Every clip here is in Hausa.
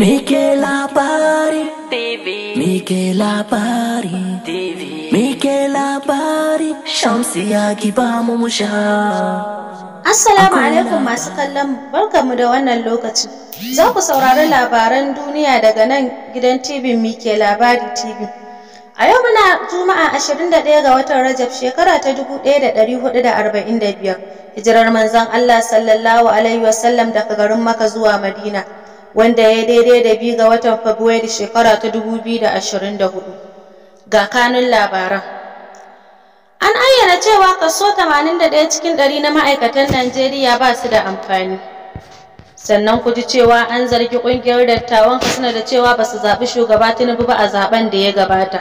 Mike labari TV Mike labari TV Mike labari Shamsiya ki ba mu musha Assalamu alaikum masu kallon barkamu da wannan lokaci Za ku saurari labaran duniya daga nan gidan TV Mike labari TV A yau muna Juma'a 21 ga watan Rajab shekara ta 1445 Hijirar manzon Allah sallallahu alaihi wasallam daga garin Makka zuwa Madina wanda ya daidai da biyu ga watan Fabrairu shekara ta 2024. Ga kanun labaran. An ayyana cewa kaso ɗaya cikin ɗari na ma'aikatan Najeriya ba su da amfani. Sannan ku ji cewa an zargi ƙungiyar dattawan Katsina da cewa ba su zaɓi shugaba Tinubu ba a zaben da ya gabata.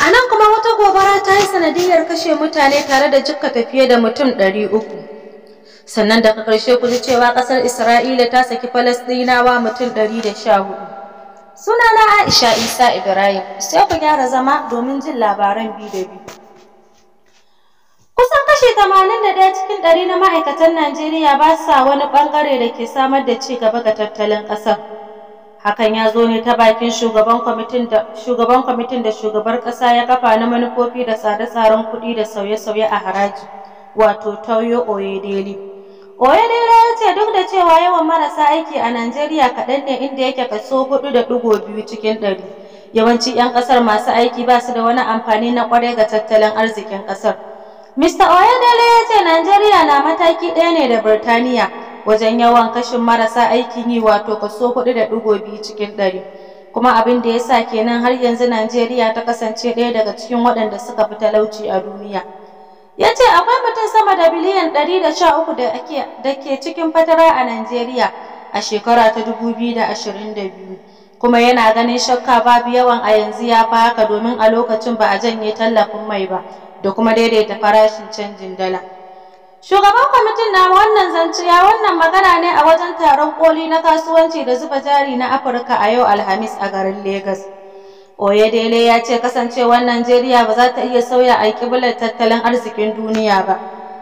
A nan kuma wata gobara ta yi sanadiyar kashe mutane tare da jikkata fiye da mutum ɗari uku. sannan daga ƙarshe ku ji cewa ƙasar Isra'ila ta saki Falasɗinawa mutum ɗari da 114. Sunana Aisha Isa Ibrahim, sai ku gyara zama domin jin labaran bi da bi. Kusan kashi 81 cikin ɗari na ma'aikatan Najeriya ba sa wani ɓangare da ke samar da ci gaba ga tattalin ƙasar. Hakan ya zo ne ta bakin shugaban kwamitin da shugabar ƙasa ya kafa na manufofi da tsare-tsaren kuɗi da sauye-sauye a haraji, wato Tauyo Oyedele. Oyedele ya ce duk da cewa yawan marasa aiki a Najeriya kaɗan ne inda yake kaso 4.2 cikin ɗari. Yawanci 'yan ƙasar masu aiki ba su da wani amfani na ƙwarai ga tattalin arzikin ƙasar. Mr. Oyedele ya ce Najeriya na mataki ɗaya ne da Birtaniya wajen yawan kashin marasa aiki yi wato kaso 4.2 cikin ɗari. Kuma abin da ya sa kenan har yanzu Najeriya ta kasance ɗaya daga cikin waɗanda suka fi talauci a duniya. ya ce akwai mutum sama da biliyan ɗari da sha uku da ke cikin fatara a Najeriya a shekara ta 2022 kuma yana ganin shakka babu yawan a yanzu ya fi haka domin a lokacin ba a janye tallafin mai ba da kuma daidaita farashin canjin dala. Shugaban kwamitin na wannan ya wannan magana ne a wajen taron koli na kasuwanci da zuba jari na Afirka a yau Alhamis a garin Legas. Oyedele ya ce kasancewar Najeriya ba za ta iya sauya a alƙiblar tattalin arzikin duniya ba,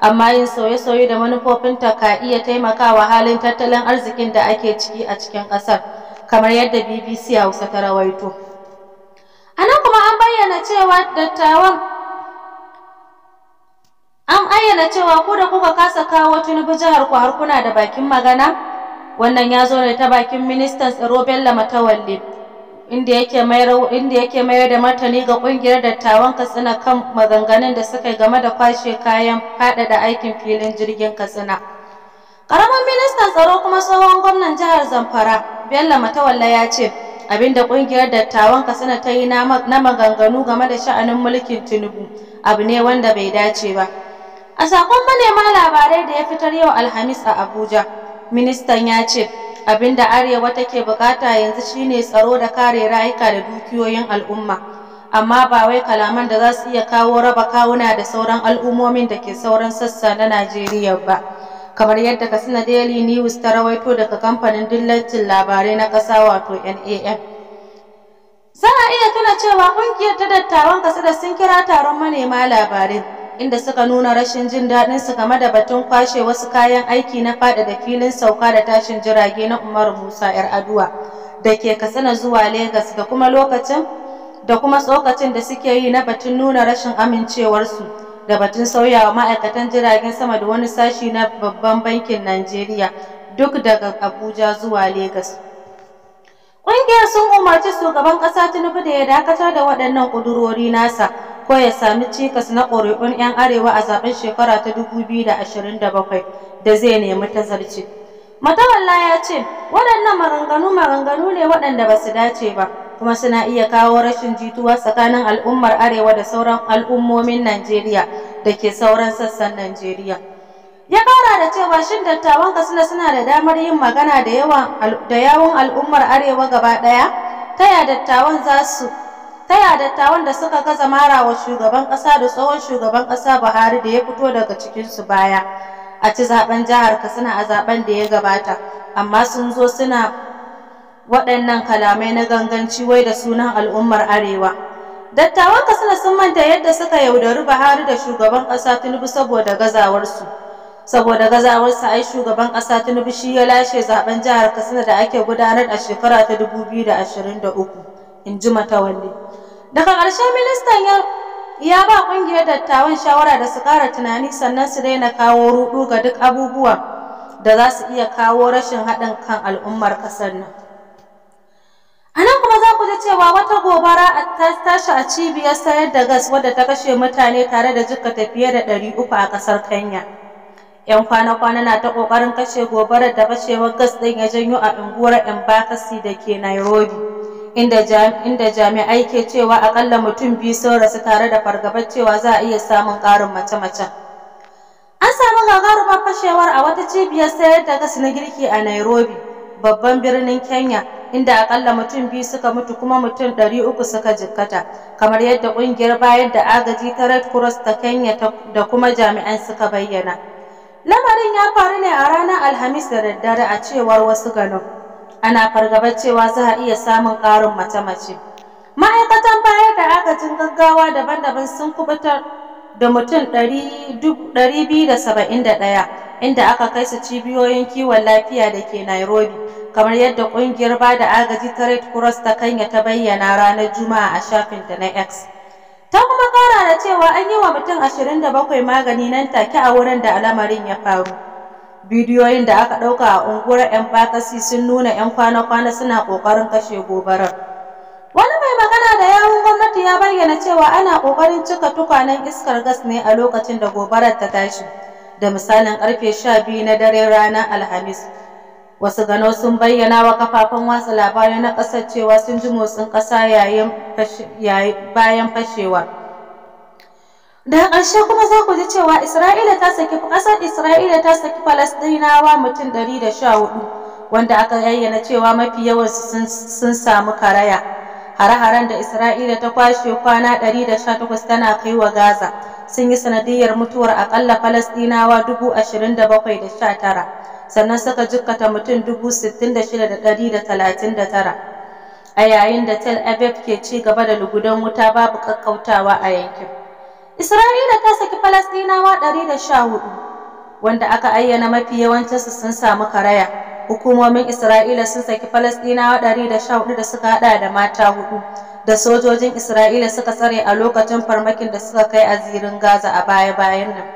amma yin sauye-sauye da manufofinta ka iya taimakawa halin tattalin arzikin da ake ciki a cikin ƙasar, kamar yadda BBC Hausa ta rawaito. A nan kuma an bayyana cewa dattawan An ayyana cewa ku da kuka kasa kawo Tinubu jihar ku har kuna da bakin magana? Wannan ya zo ne ta bakin ministan tsaro Bello Matawalle. inda yake mayar inda yake mayar da martani ga kungiyar dattawan Katsina kan maganganun da suka game da kwashe kayan faɗaɗa aikin filin jirgin Katsina. Karamin ministan tsaro kuma tsohon gwamnan jihar Zamfara Bello Matawalla ya ce abinda kungiyar dattawan Katsina ta yi na maganganu game da sha'anin mulkin Tinubu abu ne wanda bai dace ba. A sakon manema labarai da ya fitar yau Alhamis a Abuja, ministan ya ce Abin da arewa take bukata yanzu shine tsaro da kare rayuka da dukiyoyin al'umma amma ba wai kalaman da za su iya kawo raba kawuna da sauran al'ummomin da ke sauran sassa na Najeriya ba kamar yadda Katsina Daily News ta rawaito daga kamfanin dillacin labarai na ƙasa wato NAN za a iya tuna cewa ƙungiyar ta dattawan da sun kira taron manema labarai inda suka nuna rashin jin daɗin su game da batun kwashe wasu kayan aiki na da filin sauka da tashin jirage na Umaru Musa 'yar Aduwa da ke Katsina zuwa Legas da kuma lokacin da kuma tsokacin da suke yi na batun nuna rashin amincewarsu da batun sauyawa ma'aikatan jiragen sama da wani sashi na babban bankin Najeriya duk daga Abuja zuwa Legas. Ƙungiyar sun umarci shugaban ƙasa Tinubu da ya dakatar da waɗannan ƙudurori nasa ko ya sami cikas na ƙuri'un 'yan arewa a zaben shekara ta 2027 da zai nemi tazarci. Matawalla ya ce, waɗannan maganganu maganganu ne waɗanda ba su dace ba, kuma suna iya kawo rashin jituwa tsakanin al'ummar arewa da sauran al'ummomin Najeriya da ke sauran sassan Najeriya. Ya ƙara da cewa shin dattawan Katsina suna da damar yin magana da yawon al'ummar arewa gaba ɗaya? Ta ya dattawan za su ta ya dattawan da suka gaza mara wa shugaban ƙasa da tsohon shugaban ƙasa Buhari da ya fito daga cikinsu baya a ci zaben jihar Katsina a zaben da ya gabata amma sun zo suna waɗannan kalamai na ganganci wai da sunan al'ummar arewa Dattawan Katsina sun manta yadda suka yaudari Buhari da shugaban ƙasa Tinubu saboda gazawarsu. Saboda gazawarsu ai shugaban ƙasa Tinubu shi ya lashe zaben jihar Katsina da ake gudanar a shekara ta 2023. in ji matawalle daga ƙarshe ministan ya ya ba ƙungiyar dattawan shawara da su ƙara tunani sannan su daina kawo ruɗu ga duk abubuwan da za su iya kawo rashin haɗin kan al'ummar ƙasar nan a nan kuma za ku ji cewa wata gobara ta tashi a cibiyar sayar da gas wadda ta kashe mutane tare da jikkata fiye da ɗari uku a ƙasar kenya 'yan kwana-kwana na ta ƙoƙarin kashe gobarar da fashewar gas ɗin ya janyo a unguwar embakasi da ke nairobi inda jami'ai ke cewa akalla mutum biyu sun rasu tare da fargabar cewa za a iya samun ƙarin mace-macen. An samu gagarumar fashewar a wata cibiyar sayar da gas na girki a Nairobi, babban birnin Kenya, inda akalla mutum biyu suka mutu kuma mutum ɗari uku suka jikkata, kamar yadda ƙungiyar bayan da agaji ta Red Cross ta Kenya da kuma jami'an suka bayyana. Lamarin ya faru ne a ranar Alhamis da daddare a cewar wasu ganin. ana fargabar cewa za a iya samun ƙarin mace-mace. Ma'aikatan bayar da agajin gaggawa daban-daban sun kubutar da mutum ɗaya, inda aka kai su cibiyoyin kiwon lafiya da ke Nairobi, kamar yadda ƙungiyar ba da agaji ta Red Cross ta Kenya ta bayyana ranar Juma'a a shafinta na X. Ta kuma ƙara da cewa an yi wa mutum 27 magani nan take a wurin da al'amarin ya faru. bidiyoyin da aka ɗauka a unguwar 'yan bakasi sun nuna 'yan kwana-kwana suna ƙoƙarin kashe gobarar wani mai magana da yawun gwamnati ya bayyana cewa ana ƙoƙarin cika tukwanen iskar gas ne a lokacin da gobarar ta tashi da misalin ƙarfe sha biyu na dare ranar alhamis wasu gano sun bayyana wa kafafen watsa labarai na ƙasar cewa sun ji motsin ƙasa yayin bayan fashewa Dan ƙarshe kuma za ku ji cewa Isra'ila ta saki ƙasar Isra'ila ta saki Falastinawa mutum 114 wanda aka yayyana cewa mafi yawansu sun samu karaya. Hare-haren da Isra'ila ta kwashe kwana 118 tana kai wa Gaza sun yi sanadiyyar mutuwar aƙalla Falastinawa dubu ashirin da sannan suka jikkata mutum dubu sittin A yayin da Tel Aviv ke ci gaba da lugudan wuta babu ƙaƙƙautawa a yankin. Isra'ila ta saki Falasɗinawa ɗari da wanda aka ayyana mafi yawancinsu sun samu karaya. Hukumomin Isra'ila sun saki Falasɗinawa ɗari da da suka haɗa da mata hudu, da sojojin Isra'ila suka tsare a lokacin farmakin da suka kai a zirin Gaza a baya-bayan nan.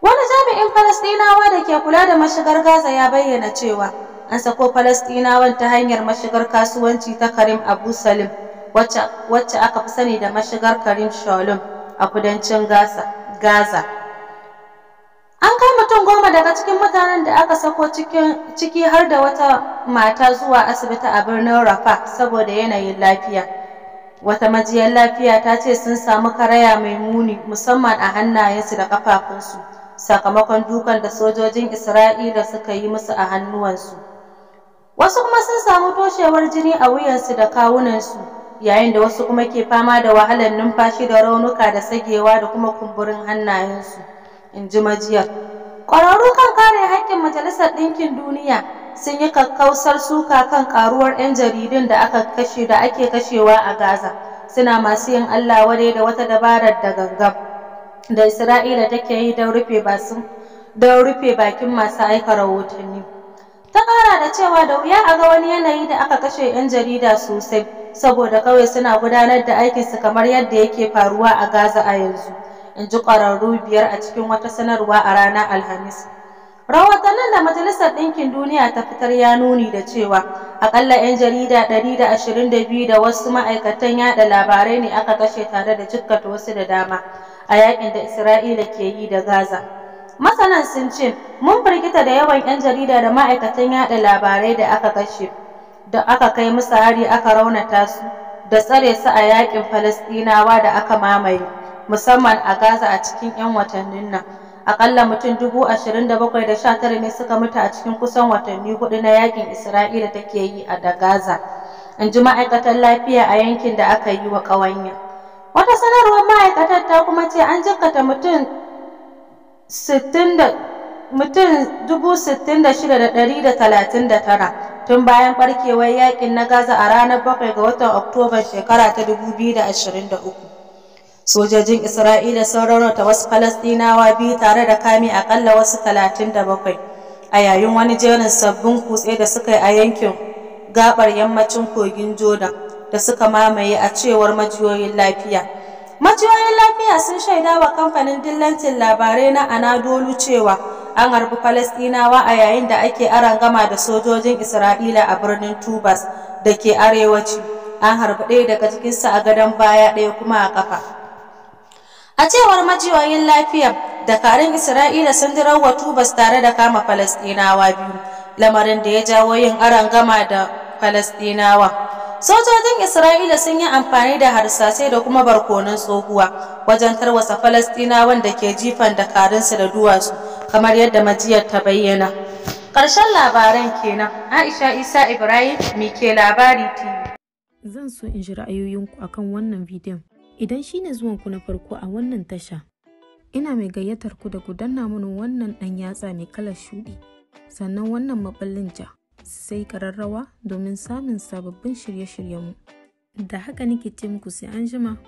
Wani jami'in Falasɗinawa da ke kula da mashigar Gaza ya bayyana cewa an sako Falasɗinawan ta hanyar mashigar kasuwanci ta Karim Abu Salim, wacce aka fi sani da mashigar Karim Shalom. a kudancin Gaza. An kai mutum goma daga cikin mutanen da aka sako ciki har da wata mata zuwa asibiti a birnin Rafa saboda yanayin lafiya. Wata majiyar lafiya ta ce sun samu karaya mai muni musamman a hannayensu da kafafunsu sakamakon dukan da sojojin Isra'ila suka yi musu a hannuwansu. Wasu kuma sun samu toshewar jini a wuyansu da kawunansu. yayin da wasu kuma ke fama da wahalar numfashi da raunuka da sagewa da kuma kumburin hannayensu in ji majiyar ƙwararru kan kare haƙƙin majalisar ɗinkin duniya sun yi kakkausar suka kan ƙaruwar 'yan jaridun da aka kashe da ake kashewa a gaza suna masu yin allah wadai da wata dabarar da gangam da isra'ila take yi don rufe bakin masu aika rahotanni ta ƙara da cewa da wuya a ga wani yanayi da aka kashe 'yan jarida sosai saboda kawai suna gudanar da aikinsu kamar yadda yake faruwa a Gaza a yanzu, in ji ƙwararru biyar a cikin wata sanarwa a ranar Alhamis. Rahotannin da Majalisar Ɗinkin Duniya ta fitar ya nuni da cewa aƙalla 'yan jarida ɗari da ashirin da da biyu wasu ma'aikatan yaɗa labarai ne aka kashe tare da jikkata wasu da dama a yaƙin da Isra'ila ke yi da Gaza. Masanan sun ce, mun firgita da yawan 'yan jarida da ma'aikatan yaɗa labarai da aka kashe. da aka kai musu hari aka raunata su da tsare su a yakin Falastinawa da aka mamaye musamman a Gaza a cikin 'yan watannin nan. Akalla mutum dubu ne suka mutu a cikin kusan watanni hudu na yakin Isra'ila take yi a da Gaza. In ji ma'aikatan lafiya a yankin da aka yi wa ƙawanya. Wata sanarwar ma'aikatar ta kuma ce an jikkata mutum sittin dubu tun bayan barkewar yakin na Gaza a ranar 7 ga watan Oktoba shekara ta 2023. Sojojin Isra'ila sun raunata wasu Falastinawa biyu tare da kame akalla wasu da 37 a yayin wani jerin sabbin kutse da suka yi a yankin gaɓar yammacin kogin Jordan da suka mamaye a cewar majiyoyin lafiya. Majiyoyin lafiya sun shaida kamfanin dillancin labarai na Anadolu cewa an harbi Falasɗinawa a yayin da ake arangama da sojojin Isra'ila a birnin Tubas da ke arewaci. An harbi ɗaya daga cikinsu a gadon baya ɗaya kuma a ƙafa. A cewar majiyoyin lafiya, dakarun Isra'ila sun rawar Tubas tare da kama Falasɗinawa biyu, lamarin da ya jawo yin arangama da Falasɗinawa. Sojojin Isra'ila sun yi amfani da harsasai da kuma barkonon tsohuwa wajen tarwatsa falasɗinawan da ke jifan dakarunsu da duwatsu kamar yadda majiyar ta bayyana ƙarshen labaran kenan aisha isa ibrahim mike labari tv zan so in ji ra'ayoyinku akan wannan bidiyon idan shine zuwanku na farko a wannan tasha ina mai gayyatar ku da ku danna mana wannan ɗan yatsa mai kalar shuɗi sannan wannan maɓallin ja sai ƙararrawa domin samun sababbin shirye-shiryenmu da haka nake ce muku sai an jima